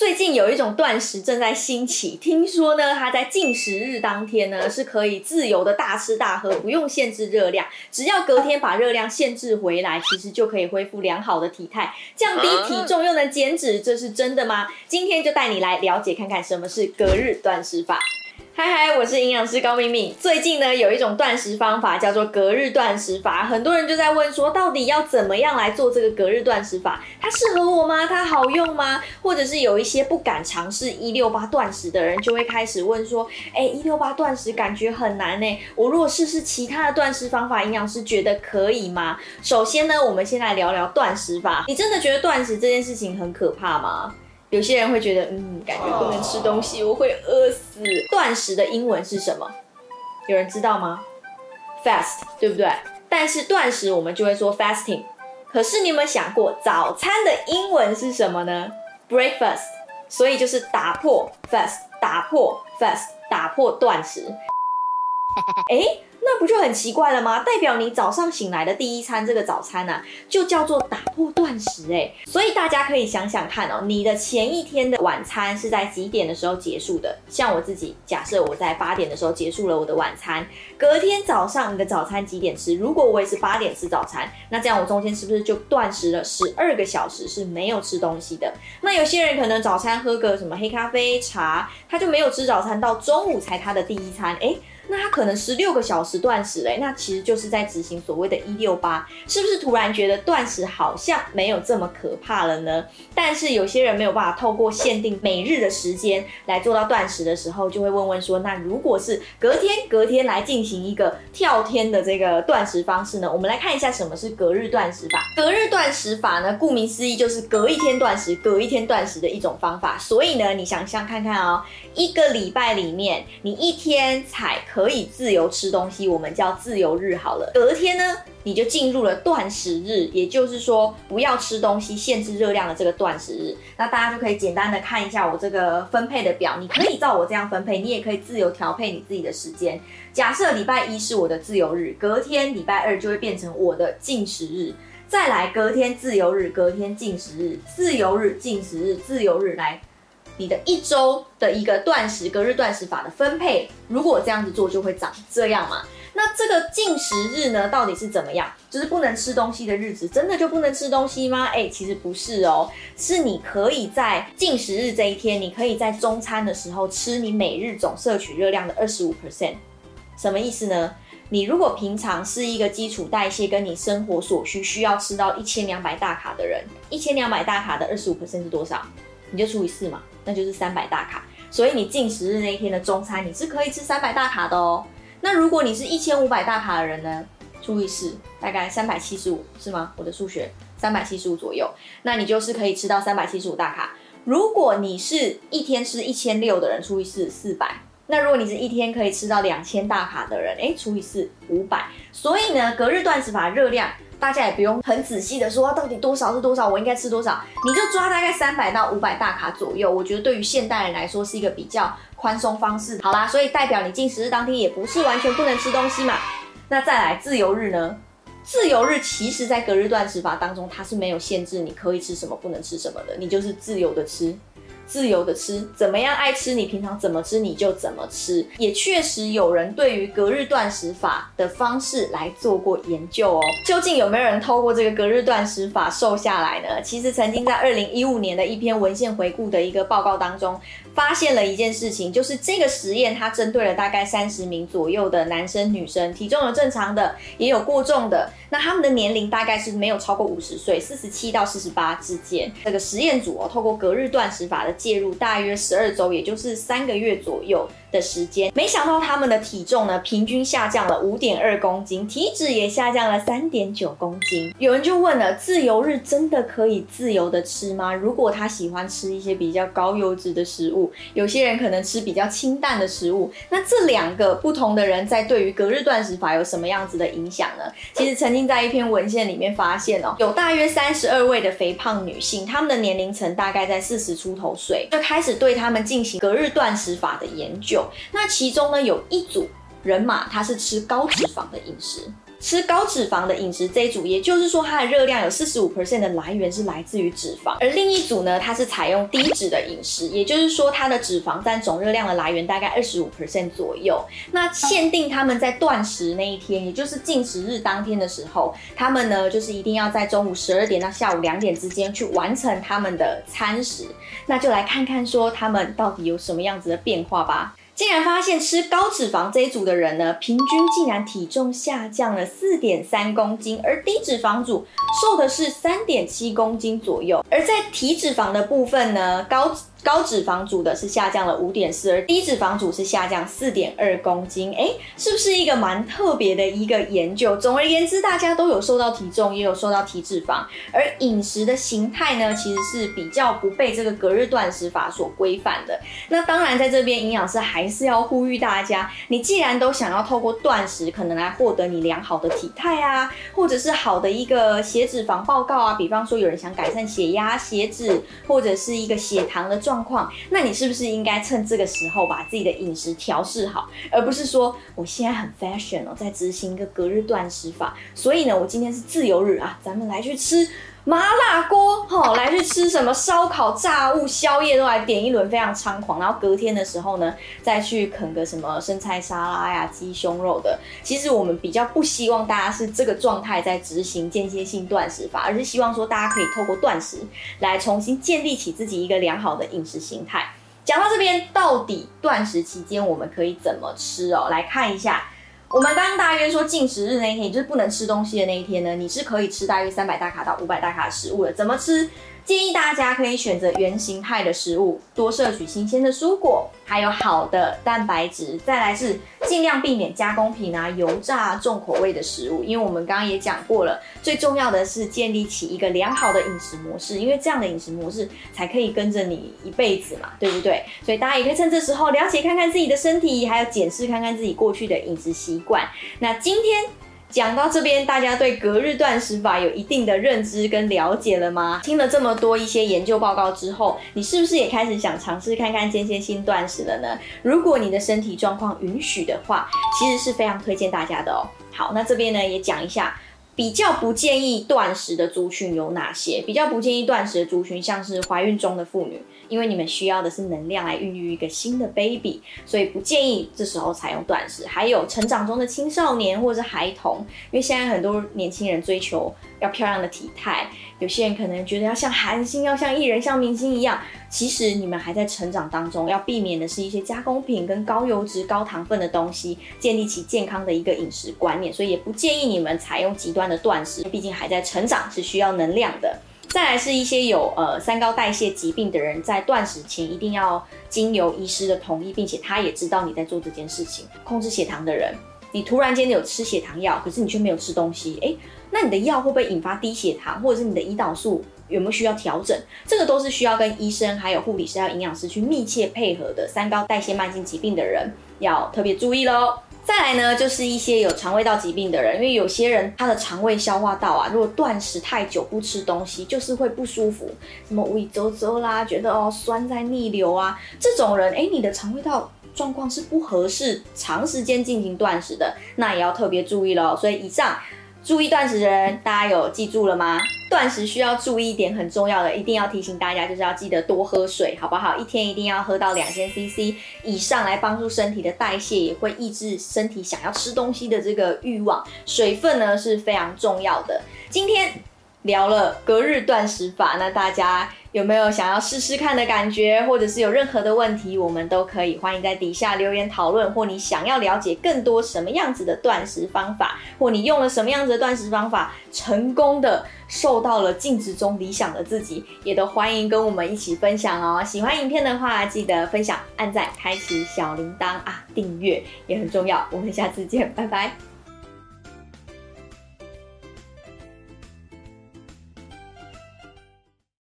最近有一種斷食正在興起，聽說呢，它在禁食日當天呢是可以自由的大吃大喝，不用限制熱量，只要隔天把熱量限制回來，其實就可以恢復良好的體態，降低體重又能減脂，這是真的嗎？今天就帶你來了解看看什麼是隔日斷食法。嗨嗨，我是營養師高敏敏。最近呢，有一種斷食方法叫做隔日斷食法，很多人就在問說，到底要怎麼樣來做這個隔日斷食法？它適合我嗎？它好用嗎？或者是有一些不敢嘗試一六八斷食的人，就會開始問說，哎、欸，一六八斷食感覺很難呢。我如果試試其他的斷食方法，營養師覺得可以嗎？首先呢，我們先來聊聊斷食法。你真的覺得斷食這件事情很可怕嗎？有些人會覺得，嗯，感覺不能吃東西，我會餓死。斷食的英文是什麼？有人知道嗎？Fast，對不對？但是斷食我們就會說 fasting。可是你有沒想過早餐的英文是什麼呢？Breakfast，所以就是打破 fast，打破 fast，打破斷食。誒、欸，那不就很奇怪了嗎？代表你早上醒來的第一餐，這個早餐呢、啊，就叫做打破斷食誒、欸，所以大家可以想想看哦、喔，你的前一天的晚餐是在幾點的時候結束的？像我自己，假設我在八點的時候結束了我的晚餐，隔天早上你的早餐幾點吃？如果我也是八點吃早餐，那這樣我中間是不是就斷食了十二個小時，是沒有吃東西的？那有些人可能早餐喝個什麼黑咖啡茶，他就沒有吃早餐，到中午才他的第一餐，誒、欸。那他可能十六個小時斷食嘞，那其實就是在執行所謂的“一六八”，是不是？突然覺得斷食好像沒有這麼可怕了呢？但是有些人沒有辦法透過限定每日的時間來做到斷食的時候，就會問問說：“那如果是隔天、隔天來進行一個跳天的這個斷食方式呢？”我們來看一下什麼是隔日斷食法。隔日斷食法呢，顧名思義就是隔一天斷食、隔一天斷食的一種方法。所以呢，你想象看看哦、喔，一個禮拜裡面，你一天採。可以自由吃東西，我們叫自由日好了。隔天呢，你就進入了斷食日，也就是說不要吃東西，限制熱量的這個斷食日。那大家就可以簡單的看一下我這個分配的表，你可以照我這樣分配，你也可以自由調配你自己的時間。假設禮拜一是我的自由日，隔天禮拜二就會變成我的禁食日，再來隔天自由日，隔天禁食日，自由日、禁食日、自由日來。你的一周的一個斷食隔日斷食法的分配，如果這樣子做，就會長這樣嘛？那這個禁食日呢，到底是怎麼樣？就是不能吃東西的日子，真的就不能吃東西嗎？誒、欸，其實不是哦，是你可以在禁食日這一天，你可以在中餐的時候吃你每日總攝取熱量的二十五 percent。什麼意思呢？你如果平常是一個基礎代謝跟你生活所需需要吃到一千兩百大卡的人，一千兩百大卡的二十五 percent 是多少？你就除以四嘛，那就是三百大卡。所以你禁食日那一天的中餐，你是可以吃三百大卡的哦。那如果你是一千五百大卡的人呢？除以四，大概三百七十五，是嗎？我的數學，三百七十五左右。那你就是可以吃到三百七十五大卡。如果你是一天吃一千六的人，除以四，四百。那如果你是一天可以吃到兩千大卡的人，誒，除以四，五百。所以呢，隔日斷食法熱量。大家也不用很仔細的說到底多少是多少，我應該吃多少，你就抓大概三百到五百大卡左右，我覺得對於現代人來說是一個比較寬鬆方式。好啦，所以代表你禁食日當天也不是完全不能吃東西嘛。那再來自由日呢？自由日其實在隔日斷食法當中，它是沒有限制你可以吃什麼不能吃什麼的，你就是自由的吃。自由的吃，怎麼樣，愛吃你平常怎麼吃你就怎麼吃，也確實有人對於隔日斷食法的方式來做過研究哦。究竟有沒有人透過這個隔日斷食法瘦下來呢？其實曾經在二零一五年的一篇文獻回顧的一個報告當中。發現了一件事情，就是這個實驗它針對了大概三十名左右的男生女生，體重有正常的，也有過重的。那他們的年齡大概是沒有超過五十歲，四十七到四十八之間。這個實驗組哦，透過隔日斷食法的介入，大約十二周，也就是三個月左右。的時間，沒想到他們的體重呢，平均下降了五點二公斤，體脂也下降了三點九公斤。有人就問了，自由日真的可以自由的吃嗎？如果他喜歡吃一些比較高油脂的食物，有些人可能吃比較清淡的食物，那這兩個不同的人在對於隔日斷食法有什麼樣子的影響呢？其實曾經在一篇文獻裡面發現哦，有大約三十二位的肥胖女性，她們的年齡層大概在四十出頭歲，就開始對她們進行隔日斷食法的研究。那其中呢，有一組人馬，他是吃高脂肪的飲食，吃高脂肪的飲食這一組，也就是說它的熱量有四十五 percent 的來源是來自於脂肪，而另一組呢，它是採用低脂的飲食，也就是說它的脂肪占總熱量的來源大概二十五 percent 左右。那限定他們在斷食那一天，也就是禁食日當天的時候，他們呢就是一定要在中午十二點到下午兩點之間去完成他們的餐食。那就來看看說他們到底有什麼樣子的變化吧。竟然發現吃高脂肪這一組的人呢，平均竟然體重下降了四點三公斤，而低脂肪組瘦的是三點七公斤左右。而在體脂肪的部分呢，高。高脂肪組的是下降了五點四，而低脂肪組是下降四點二公斤。哎，是不是一個蠻特別的一個研究？總而言之，大家都有瘦到體重，也有瘦到體脂肪，而飲食的形態呢，其實是比較不被這個隔日斷食法所規範的。那當然，在這邊營養師還是要呼籲大家，你既然都想要透過斷食可能來獲得你良好的體態啊，或者是好的一個血脂肪報告啊，比方說有人想改善血壓、血脂，或者是一個血糖的狀態。狀況，那你是不是應該趁這個時候把自己的飲食調試好，而不是說我現在很 fashion 哦，在執行一個隔日斷食法？所以呢，我今天是自由日啊，咱們來去吃麻辣鍋，好，來。吃什麼燒烤、炸物、宵夜都來點一輪，非常猖狂，然後隔天的時候呢，再去啃個什麼生菜沙拉呀、雞胸肉的。其實我們比較不希望大家是這個狀態在執行間歇性斷食法，而是希望說大家可以透過斷食來重新建立起自己一個良好的飲食形態。講到這邊，到底斷食期間我們可以怎麼吃哦、喔？來看一下，我們當大約說禁食日那一天就是不能吃東西的那一天呢，你是可以吃大約三百大卡到五百大卡的食物的，怎麼吃？建議大家可以選擇原型態的食物，多攝取新鮮的蔬果，還有好的蛋白質。再來是盡量避免加工品啊、油炸啊、重口味的食物。因為我們剛剛也講過了，最重要的是建立起一個良好的飲食模式，因為這樣的飲食模式才可以跟着你一輩子嘛，對不對？所以大家也可以趁這時候了解看看自己的身體，還有檢視看看自己過去的飲食習慣。那今天。講到這邊，大家對隔日斷食法有一定的認知跟了解了嗎？聽了這麼多一些研究報告之後，你是不是也開始想嘗試看看間歇性斷食了呢？如果你的身體狀況允許的話，其實是非常推薦大家的哦。好，那這邊呢，也講一下。比較不建議斷食的族群有哪些？比較不建議斷食的族群像是懷孕中的婦女，因為你們需要的是能量來孕育一個新的 baby，所以不建議這時候採用斷食。還有成長中的青少年或者孩童，因為現在很多年輕人追求。要漂亮的體態，有些人可能覺得要像韓星，要像藝人，像明星一樣。其實你們還在成長當中，要避免的是一些加工品跟高油脂、高糖分的東西，建立起健康的一個飲食觀念。所以也不建議你們採用極端的斷食，畢竟還在成長是需要能量的。再來是一些有呃三高代謝疾病的人，在斷食前一定要經由醫師的同意，並且他也知道你在做這件事情，控制血糖的人。你突然間有吃血糖藥，可是你卻沒有吃東西，哎、欸，那你的藥會不會引發低血糖，或者是你的胰島素有沒有需要調整？這個都是需要跟醫生、還有護理師、還有營養師去密切配合的。三高代謝慢性疾病的人要特別注意嘍。再來呢，就是一些有腸胃道疾病的人，因為有些人他的腸胃消化道啊，如果斷食太久不吃東西，就是會不舒服，什麼胃周周啦，覺得哦、喔、酸在逆流啊，這種人，哎、欸，你的腸胃道。狀況是不合適長時間進行斷食的，那也要特別注意咯。所以以上注意斷食的人，大家有記住了嗎？斷食需要注意一點很重要的，一定要提醒大家，就是要記得多喝水，好不好？一天一定要喝到兩千 CC 以上，來幫助身體的代謝，也會抑制身體想要吃東西的這個欲望。水分呢是非常重要的。今天聊了隔日斷食法，那大家。有沒有想要試試看的感覺，或者是有任何的問題，我們都可以歡迎在底下留言討論，或你想要了解更多什麼樣子的斷食方法，或你用了什麼樣子的斷食方法成功的瘦到了鏡子中理想的自己，也都歡迎跟我們一起分享哦。喜歡影片的話，記得分享、按讚、開啟小鈴鐺啊，訂閱也很重要。我們下次見，拜拜。